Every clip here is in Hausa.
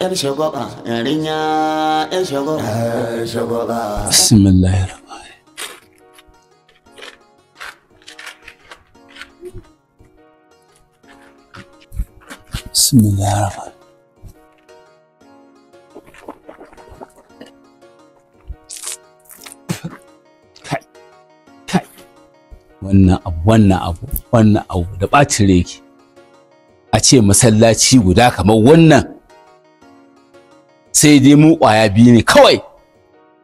yar shagwaba yarinya yar shagwaba bismillahir bismillahir wannan abu wannan abu wannan abu da ɓacin reki a ce masallaci guda kamar wannan sai dai mu kwaya biyu ne kawai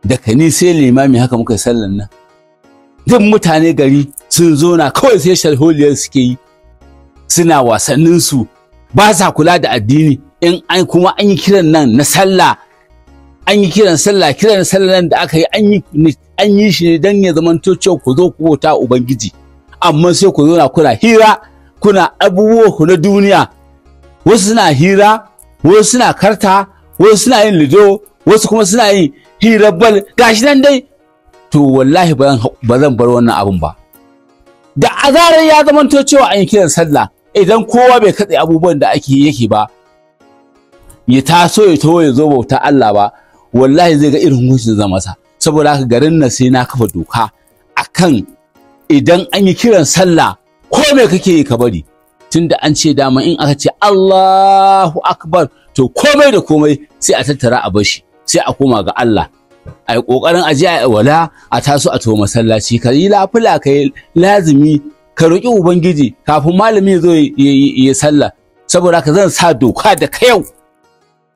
daga ni sai limami haka muka sallan nan duk mutane gari sun zo kawai sai shalholiyar suke yi suna wasanninsu ba sa kula da addini in an kuma an yi kiran nan na sallah an yi kiran sallah kiran sallah nan da aka yi an yi shi ne don ya zamanto cewa ku zo ku bauta ubangiji amma sai ku zo na kuna hira kuna abubuwa ku na duniya wasu suna hira wasu suna karta wasu suna yin lido wasu kuma suna yin hirabbal gashi nan dai to wallahi ba zan bar wannan abun ba da azarar ya zamanto cewa an yi kiran sallah idan kowa bai katse abubuwan da ake yake ba ya taso ya taho ya zo bauta Allah ba wallahi zai ga irin hukuncin zama masa saboda haka garin nan sai na kafa doka akan idan an yi kiran sallah ko me kake yi ka bari tunda an ce dama in aka ce Allahu akbar to komai da komai sai a tattara a bashi sai a koma ga Allah a yi ƙoƙarin aje a wala a taso a tuwo masallaci ka yi lafula ka yi lazimi ka roƙi ubangiji kafin malami ya zo ya sallah saboda ka zan sa doka da ka yau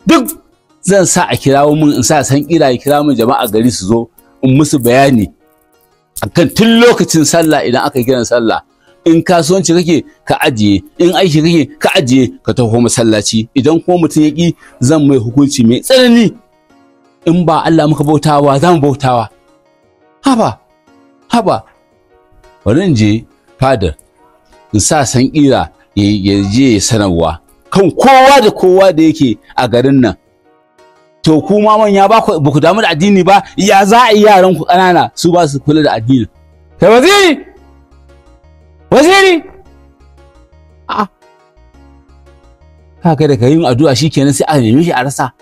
duk zan sa a kirawo min in sa san kira ya kira min jama'a gari su zo in musu bayani akan tun lokacin sallah idan aka kiran sallah in kasuwanci kake ka ajiye in aiki kake ka ajiye ka taho masallaci idan kuma mutum ya ki zan mai hukunci mai tsanani in ba Allah muka bautawa za mu bautawa haba haba bari in je fadar in sa san kira ya je sanarwa kan kowa da kowa da yake a garin nan to kuma manya ba ku damu da addini ba ya za a yi yaran ku ƙanana su ba su kula da addini kai waziri a kaga da kayin addu'a shi kenan sai a nemi shi a rasa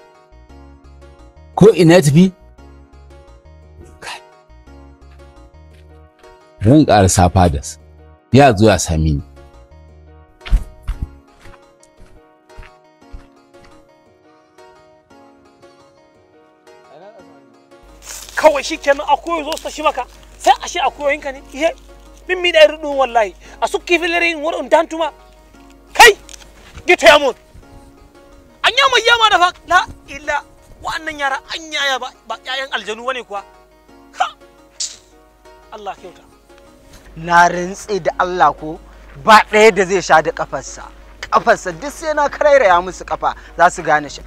ko ina tafi ran ƙarasa fadas ya zo ya sami ni kawai shikenan akwai zo su shi maka sai a shi akwai yinka ne min miyiɗa irin ɗum wallahi a sukki fellere in waɗa dantuma kai mun a ñama yama da fa la illa wa'annan yara a yaya ba ba ƴaƴan aljanu wani kuwa ha Allah kyauta na rantse da Allah ko ba ɗaya da zai sha da kafarsa kafarsa duk sai na ya musu kafa za su gane shi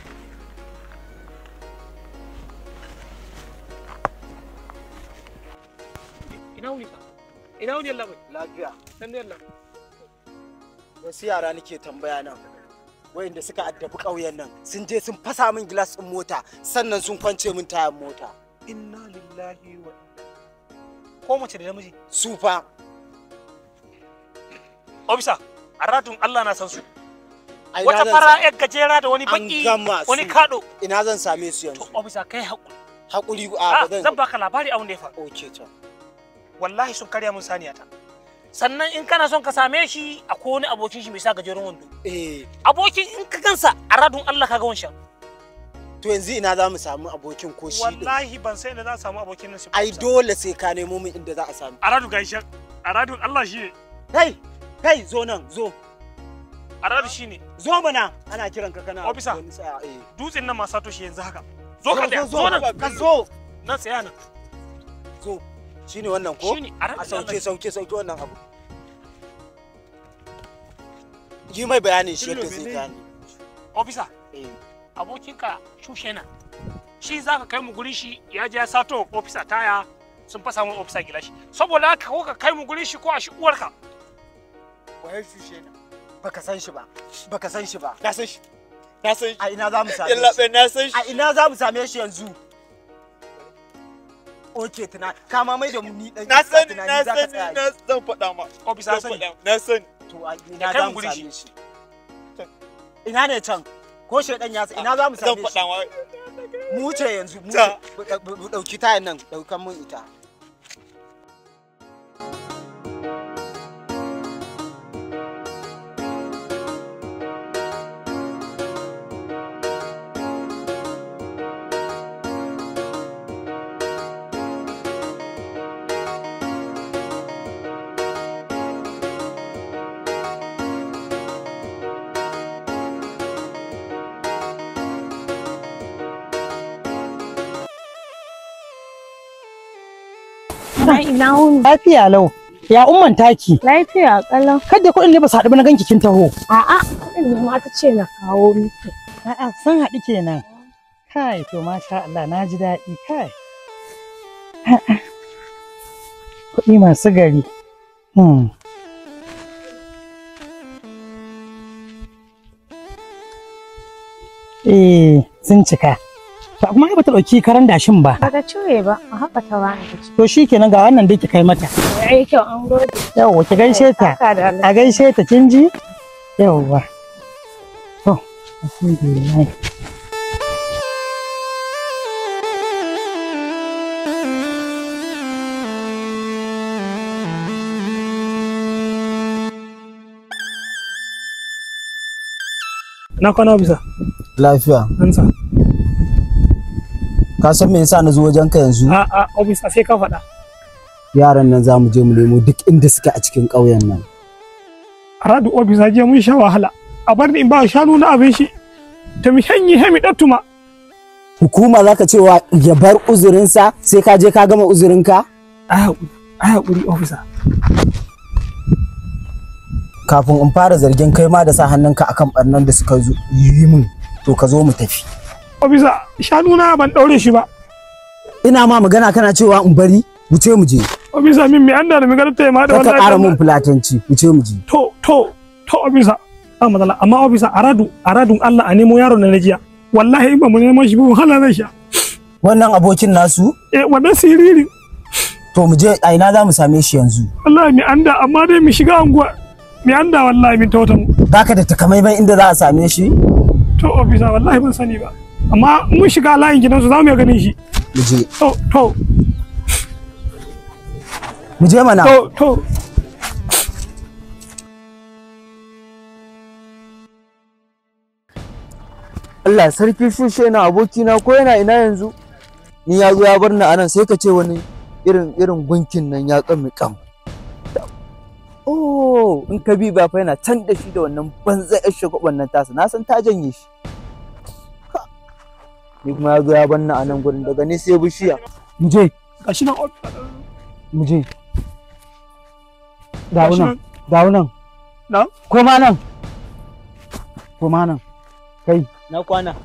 ina wuni yalla bai lafiya san da yalla wasu yara nake tambaya nan wayanda suka addabi ƙauyen nan sun je sun fasa min gilas ɗin mota sannan sun kwance min tayan mota inna lillahi wa ko mace da namiji su fa obisa aratun Allah na san su wata fara yar gajera da wani baki wani kado ina zan same su yanzu to obisa kai hakuri hakuri a ah, zan baka labari abin da ya faru okay to wallahi sun karya mun saniya ta sannan in kana son ka same shi a wani abokin shi mai sa gajeren wando eh abokin in ka gansa a radun Allah ka ga wancan to yanzu ina za mu samu abokin ko shi wallahi ban sai inda za a samu abokin nan ai dole sai ka nemo min inda za a samu a radun gaishe a radun Allah shi ne kai kai zo nan zo a radun shi ne zo mana ana kiran ka kana ofisa eh. dutsen nan ma sato shi yanzu haka zo ka zo nan ka zo nan tsaya nan zo ne wannan ko a sauke sauke sauke wannan abu yi mai bayanin shi yadda zai gane ofisa eh. abokinka shushe na shi za ka kai mu gurin shi ya je ya sato ofisa taya sun fasa mun ofisa gilashi saboda haka ko ka kai mu gurin shi ko a shi uwarka waye shushe baka san shi ba baka san shi ba na san shi na san shi a ina za mu same shi a ina za mu same shi yanzu oke tuna ka ma mai da mu ni dan na sani na sani na zan faɗa ma ofisa sani na sani to ina za mu same shi ina ne can ko shi dan ya ina za mu same shi mu wuce yanzu mu dauki tayan nan daukan mun ita na ina Lafiya lau. Ya umman taki. Lafiya kalau. Kadda kuɗin ne ba su haɗu ba na ganki kin taho. A'a kuɗin ne ma ta ce na kawo miki. A'a sun haɗu kenan. Kai to masha Allah na ji daɗi kai. Kuɗi masu gari. Hmm. Eh, sun cika. Ba kuma ba ta ɗauki karan dashin ba. Ba ta cire ba, a haka ta ba To shi kenan ga wannan dai ki kai mata. Ai kyau an gode. Yawwa ki gaishe ta. A gaishe ta kin ji? Yawwa. To, alhamdulillah. Na kwana bisa. Lafiya. An ka san me yasa na zo wajen ka yanzu a a obisa sai ka faɗa yaran nan zamu je mu nemo duk inda suke a cikin ƙauyen nan radu obisa je mun sha wahala a bar ni in ba shanu na abin shi ta mi hanyi hemi dattuma hukuma zaka cewa ya bar uzurinsa sai ka je ka gama uzurinka a haƙuri ofisa kafin in fara zargin kai ma da sa hannunka akan barnan da suka yi min to ka zo mu tafi Ofisa, na ban daure shi ba. Ina ma magana kana cewa in bari, wuce mu je. Ofisa min me anda da magana tayi ma da wannan. Ka ƙara mun fulatanci, wuce mu je. To, to, to ofisa. Ba matsala, amma ofisa aradu, aradu Allah a nemo yaron na najiya. Wallahi in ba mu nemo shi ba wahala zai sha. Wannan abokin nasu? Eh, wannan siriri. To mu je a ina za mu same shi yanzu. Wallahi mi anda amma dai mu shiga anguwa. Mi anda wallahi min tautan. Baka da takamaiman inda za a same shi? To ofisa wallahi ban sani ba. amma mun shiga layin gidansu za mu ganin shi to to mu je mana to to Allah sarki shushe na abokina ko yana ina yanzu ni ya zo ya bar ni anan sai ka ce wani irin irin gunkin nan ya kame kam oh in ka bi ba fa yana can da shi da wannan banza yar shagwaban nan tasa na san ta janye shi ni kuma ya zo ya banna a nan gurin daga ni sai bishiya Muje! gashi nan mu dawo nan dawo nan na koma nan koma nan kai na kwana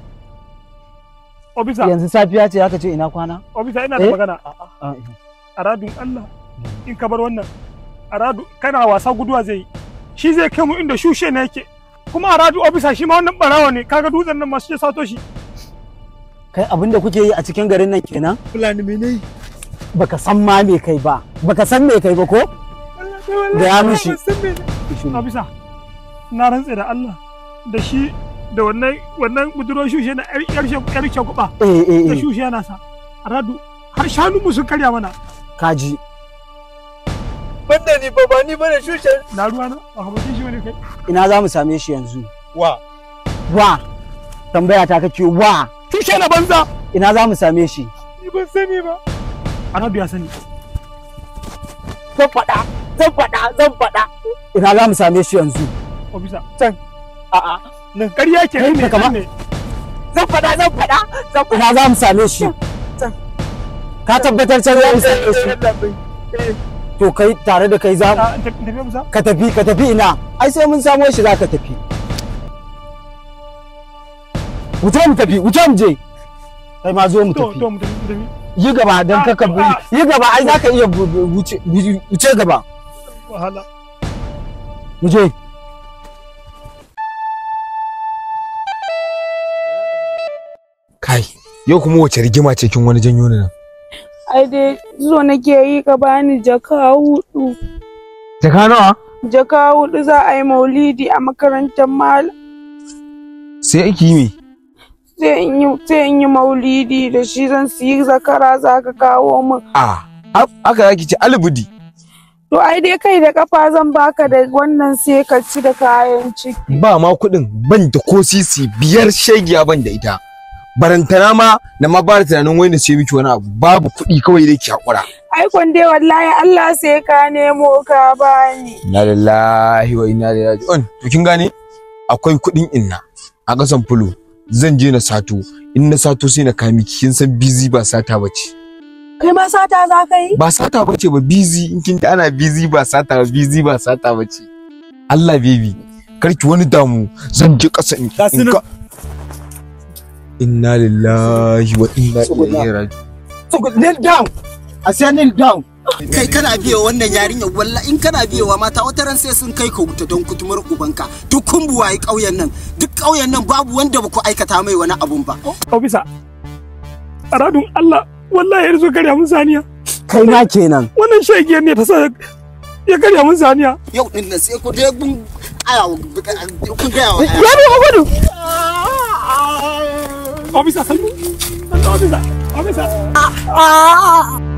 Obisa. Yanzu safiya ce aka ce ina kwana? Obisa ina da eh? magana. Ah, ah, ah, eh. A radu Allah in ka bar wannan. radu kana wasa guduwa zai yi. Shi zai kai mu inda shushe na yake. Kuma radu obisa shi ma wannan barawa ne kaga dutsen nan masu je sato shi. kai abin da kuke yi a cikin garin nan kenan fulani mene baka san ma me kai ba baka san me kai ba ko da ya mishi abisa na rantse da Allah da shi da wannan wannan budurwar shushe na yar yar shakuba da shushe yana sa radu har shanu mu sun karya mana kaji banda ni ba ba ni bane shushe na ruwa na ba ka shi wani kai ina za mu same shi yanzu wa wa tambaya ta kake wa tushe na banza ina za mu same shi ni ban sani ba Arabu ya sani zan faɗa zan faɗa zan faɗa ina za mu same shi yanzu obisa can a'a nan ƙarya ke ne ne zan faɗa zan faɗa zan faɗa ina za mu same shi ka tabbatar can za mu same shi eh, eh, eh, to kai tare da kai za ka tafi ka tafi ina ai sai mun samo shi za ka tafi wuce mu tafi wuce mu je kai ma zo mu tafi yi gaba don ah, kaka ah. yi gaba ai za iya wuce gaba wahala mu je kai yau kuma wace rigima ce kin wani janyo nan ai dai zo nake yi gaba ni jaka hudu jaka nawa jaka hudu za a yi maulidi a makarantar mal sai ake yi me sai in yi maulidi da shi zan siyi zakara za ka kawo min. A, aka yaki ci alibudi. To ai dai kai da kafa zan baka da wannan sai ka ci da kayan ciki. Ba ma kuɗin ban da ko sisi biyar shegiya ban da ita. Barantana ma na ma ba da tunanin wani sai miki wani abu babu kuɗi kawai dai ki haƙura. Ai kwan dai wallahi Allah sai ka nemo ka bani. Na lillahi wa inna ilaihi raji'un. To kin gane akwai kuɗin inna a ƙasan fulu. zan je na sato in na sato sai na kami kin san busy ba sata bace kai ma sata za ka yi ba sata bace ba busy in kin ana busy ba sata ba busy ba sata bace Allah baby ki wani damu zan je ƙasa in ka inna lillahi wa inna ilaihi raji'un so kneel down i said kneel down kai kana biya wannan yarinya walla in kana biyawa mata wata ran sai sun kai ka wuta don kutumar ubanka duk kun buwaye ƙauyen nan duk ƙauyen nan babu wanda ba ku aikata mai wani abun ba ofisa aradun Allah wallahi yanzu karya mun saniya kai na kenan wannan shege ne ta sa ya karya mun saniya yau din nan sai ku je kun aya kun wa. ya ne ku gudu ofisa sanu. ofisa ofisa ah, ah.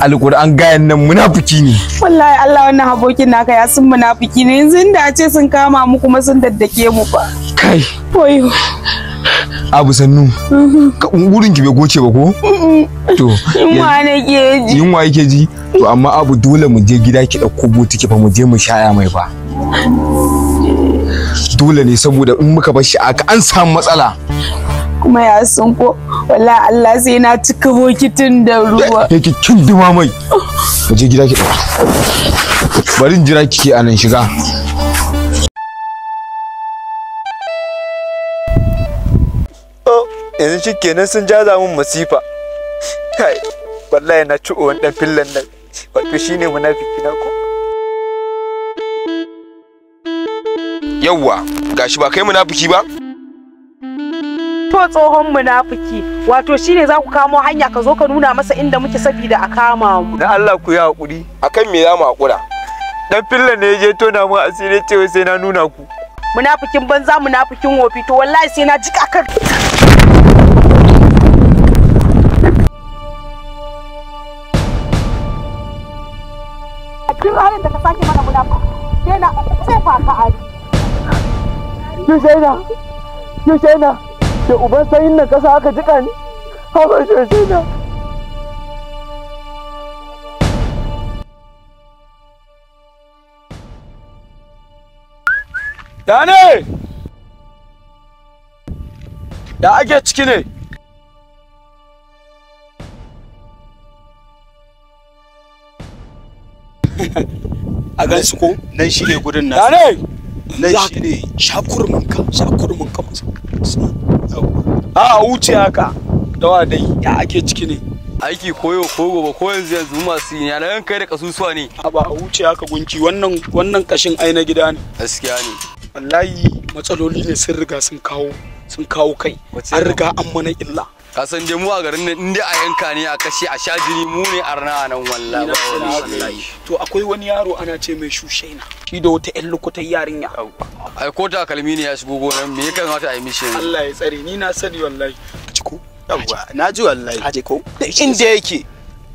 alƙur'an gayan nan munafiki ne wallahi Allah wannan abokin naka ya sun munafiki ne yanzu inda a ce sun kama mu kuma sun daddake mu ba. kai oyo abu sannu mhm. ka gurin ki bai goce ba ko to yunwa ne ke ji yunwa yake ji to amma abu dole mu je gida ki dauko ki fa mu je mu shaya mai ba. dole ne saboda in muka bar shi aka an samu matsala kuma ya sun ko Allah sai na cika bokitin da ruwa yake eh, kin dima mai je gida ki bari barin jira kike a nan shiga oh, yanzu shi kenan sun ja min masifa kai wallahi na ci uwan dan fillan nan wato shine munafiki na ko yawwa gashi ba kai munafiki ba fito tsohon munafiki wato shine za ku kamo hanya ka zo ka nuna masa inda muke sabida a kama mu na Allah ku yi hakuri akan me za mu hakura dan filla ne je tona mu asiri ce sai na nuna ku munafikin banza munafikin wofi to wallahi sai na jika kan duk ka da uban sayin nan kasa aka jika ni haɓar shashe na Ya ne? Ya ake ciki ne? A gan su ko? Nan shi ne gudun nasu. Ya ne? nan shi ne shakurminka shakurminka a wuce haka dawa dai ya ake ciki ne aiki koyo ko gobe ko yanzu yanzu masu yi yana yan kai da kasusuwa ne a ba a wuce haka gunki wannan wannan kashin ai na gida ne gaskiya ne wallahi matsaloli ne sun riga sun kawo sun kawo kai an riga an mana illa kasan san dai mu a garin nan inda a yanka ne a kashe a sha jini mu ne arna nan wallahi to akwai wani yaro ana ce mai shushaina shi da wata yan lokutan yarinya ai ko ta kalmi ne ya shigo gonan me yakan wata a yi mishi Allah ya tsare ni na sani wallahi ciko yawa na ji wallahi aje ko inda yake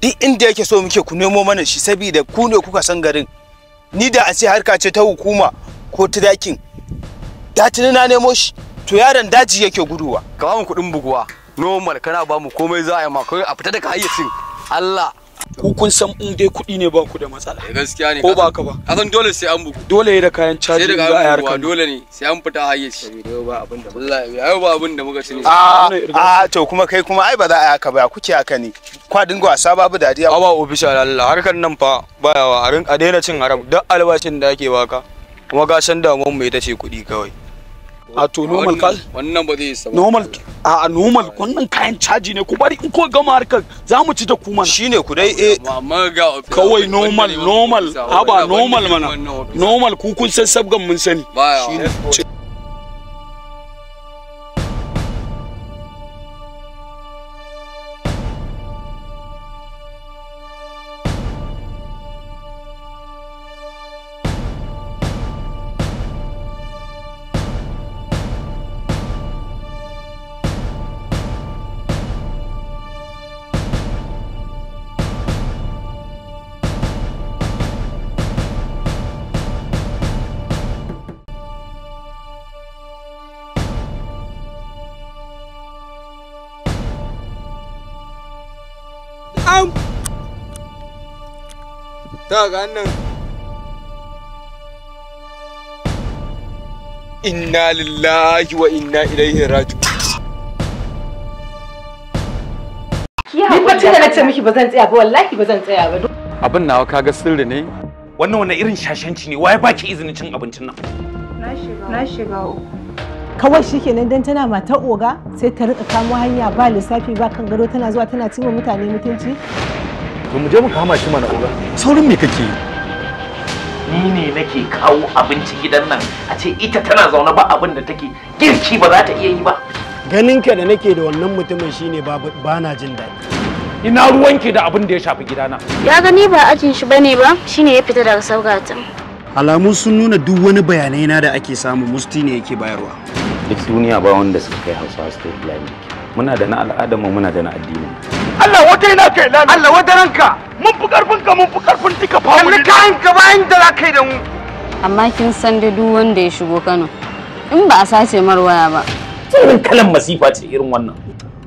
duk inda yake so muke ku nemo mana shi saboda ku ne kuka san garin ni da a ce harka ce ta hukuma ko ta dakin da na nemo shi to yaron daji yake guduwa ka ba mu kuɗin buguwa normal kana ba mu komai za a yi ma kai a fita daga hayyacin Allah ku kun san in dai kuɗi ne ba ku da matsala eh, gaskiya ne ko ba ka ba kasan dole sai an buku dole da kayan caji da kayan harkar dole ne sai an fita hayyaci yau ba abin da ba da muka sani a a to kuma kai kuma ai ba za a yi ba kuke haka ne kwa dinga wasa babu dadiya ba official Allah harkar nan fa baya wa a daina cin haram duk albashin da ake baka kuma gashin damuwar mu ita ce kuɗi kawai a to normal ka wannan ba zai samu normal a normal wannan kayan caji ne ku bari in ko gama harkar za mu ci da ku mana shine ku dai eh kawai normal normal haba normal mana normal ku kun san sabgan mun sani shine ta ga nan inna lillahi wa inna ilaihi raji'un Lokacin da na ce miki ba zan tsaya ba wallahi ba zan tsaya ba. Abin nawa kaga sirri ne? Wannan wani irin shashanci ne waye baki izinin cin abincin nan? Na shiga. Na shiga Kawai shikenan dan tana mata oga sai ta rika kamo hanya ba lissafi ba kan gado tana zuwa tana cimma mutane mutunci. to mu je mu kama shi mana uba saurin me kake ni ne nake kawo abinci gidan nan a ce ita tana zaune ba abin da take girki ba za ta iya yi ba ganin ka da nake da wannan mutumin shine ba na jin daɗi ina ruwanki da abin da ya shafi gidana ya gani ba ajin shi bane ba shine ya fita daga saugata alamu sun nuna duk wani bayanai na da ake samu musti ne yake bayarwa duk duniya ba wanda suka kai hausa su muna da na al'adarmu muna da na addini Allah wata yana kai lalata Allah wata ranka mun fi karfin ka mun fi karfin duka family kalli kayan ka bayan da za kai da mu amma kin san da duk wanda ya shigo Kano in ba a sace marwaya waya ba irin kalan masifa ce irin wannan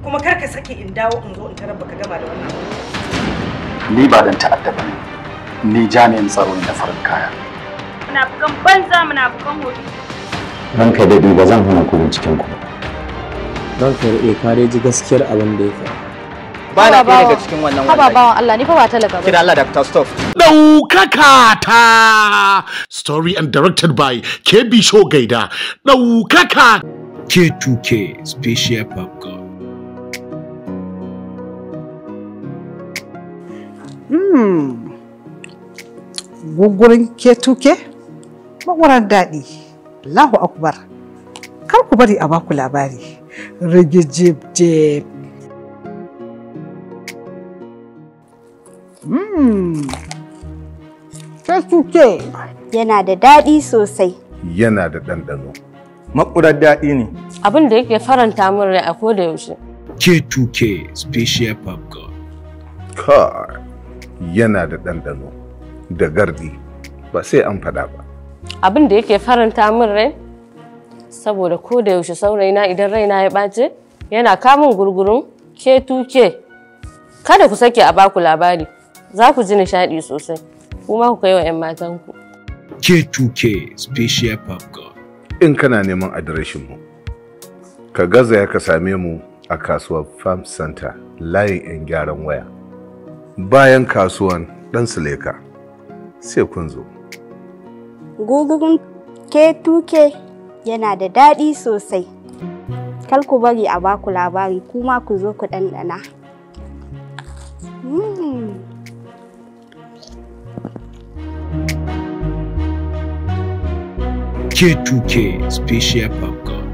kuma kar ka sake in dawo in zo in tarar baka gama da wannan ni ba dan ta'adda bane ni jami'in tsaro ne na farin kaya bukan banza munafukan hoto ranka da ba zan hana ku cikin ku kai ranka ya kare ji gaskiyar abin da ya faru ba na daga cikin haba Allah ni fa ba talaka ba kira Allah daukaka ta story and directed by KB Show Gaida daukaka K2K Special Popcorn Mm. Gugurin K2K daɗi Allahu Akbar kar ku bari a baku labari rigijib jeb ce yana da daɗi sosai. Yana da ɗanɗano. Makurar daɗi ne. Abin da yake faranta min rai a koda yaushe. k 2 Special Popcorn. Kai yana da ɗanɗano da gardi ba sai an faɗa ba. Abin da yake faranta min rai saboda koda yaushe saurayina idan raina ya ɓace yana kamun gurgurun k 2 Kada ku sake a baku labari. za ku ji nishaɗi sosai kuma ku kai wa 'yan matanku. K2K Special Pop In kana neman adireshin mu, ka gaza ya ka same mu a kasuwar Farm Center layin 'yan gyaran waya. Bayan kasuwan ɗan Suleka, sai kun zo. Gugugun K2K yana da daɗi sosai. Kal ku bari a baku labari kuma ku zo ku ɗanɗana. Mm. K2K Special Popcorn.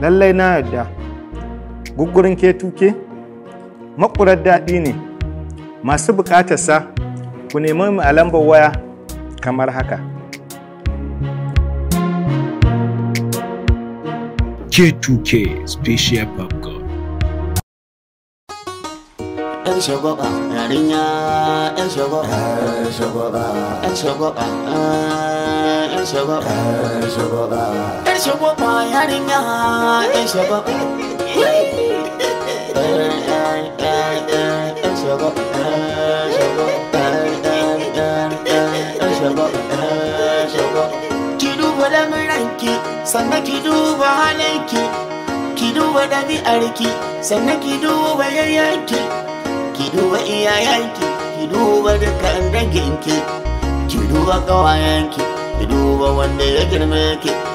Lallai na yarda, guggurin K2K makurar daɗi ne, masu sa ku nemi mu a lambar waya kamar haka. K2K Special Popcorn. ‘yan shagwaba yarinya ‘yan shagwaba ‘yan shagwaba ‘yan shagwaba ah. 'yan shababa 'yan shababa 'yan yarinya 'yan 'yan 'yan 'yan ki duba lamuranki sannan ki duba halinki ki duba ɗabi'arki sannan ki duba yayyanki ki duba iyayenki ki duba dukkan danginki ki duba ƙawayenki ki duba wanda ya girme ki